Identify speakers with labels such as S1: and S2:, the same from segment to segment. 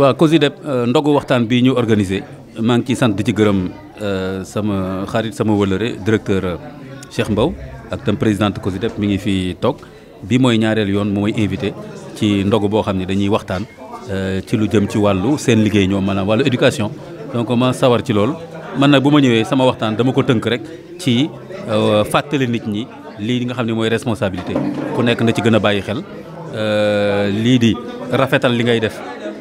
S1: waaw COSYDEP euh, ndogu waxtaan bi ñu organisé maa ngi sant di ci gërëm euh, sama xarit sama wëllëre directeur euh, Cheikh Mbow ak tam présidente COSYDEP mi ngi fi toog bi mooy ñaareel yoon mooy invité ci ndogu boo xam ne dañuy waxtaan ci lu jëm ci wàllu seen liggéey ñoom maanaam wàllu éducation donc ma sawar ci loolu man nag bu ma ñëwee sama waxtaan dama ko tënk rek ci fàttali nit ñi lii nga xam ne mooy responsabilité ku nekk na ci gën a bàyyi xel lii di rafetal li ngay def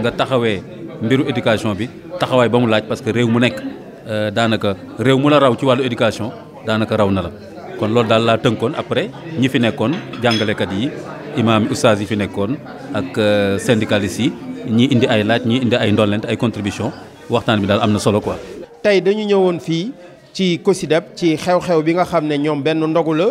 S1: nga taxawee mbiru éducation bi taxawaay ba mu laaj parce que réew mu nekk euh, daanaka réew mu la raw ci wàllu éducation daanaka raw na la kon loolu daal laa tënkoon après ñi fi nekkoon jàngalekat yi imaam ustaas yi fi nekkoon ak euh, syndicalistes yi ñii indi ay laaj ñii indi ay ndollent ay contribution waxtaan bi daal am na solo quoi.
S2: tey dañu ñëwoon fii ci COSYDEP ci xew-xew bi nga xam ne ñoom benn ndogu la.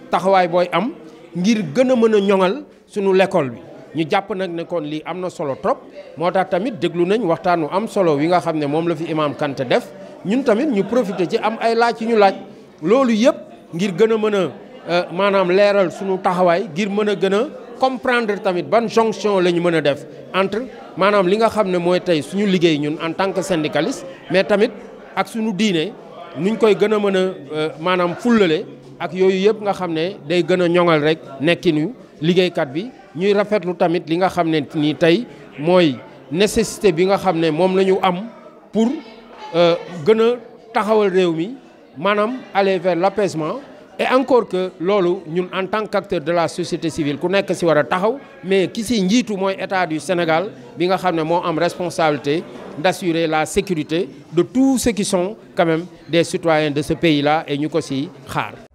S2: taxawaay booy am ngir gën a mën a ñoŋal suñu lekkool bi ñu jàpp nag ne kon lii am na solo trop moo tax tamit déglu nañ waxtaanu am solo wi nga xam ne moom la fi imaam Kanté def ñun tamit ñu profité ci am ay laaj yu ñu laaj loolu yëpp ngir gën a mën a euh, maanaam leeral suñu taxawaay ngir mën a gën a comprendre tamit ban jonction la ñu mën a def entre maanaam li nga xam ne mooy tey suñu liggéey ñun en tant que syndicaliste mais tamit ak suñu diine nuñ koy gën a mën a euh, maanaam fullale ak yoyu yep nga xam day gëna ñongal ñoŋal rek nekkinu kat bi ñuy rafetlu tamit li nga xam ni tay moy nécessité bi nga xam mom lañu am pour euh gëna taxawal réew mi manam aller vers l'apaisement et encore que lolu ñun en tant qu'acteur de la société civile ku nekk ci wara a taxaw mais ki ci njiitu mooy état du Sénégal bi nga xam mo am responsabilité d'assurer la sécurité de tous ceux qui sont quand même des citoyens de ce pays-là et ñu ko ci xaar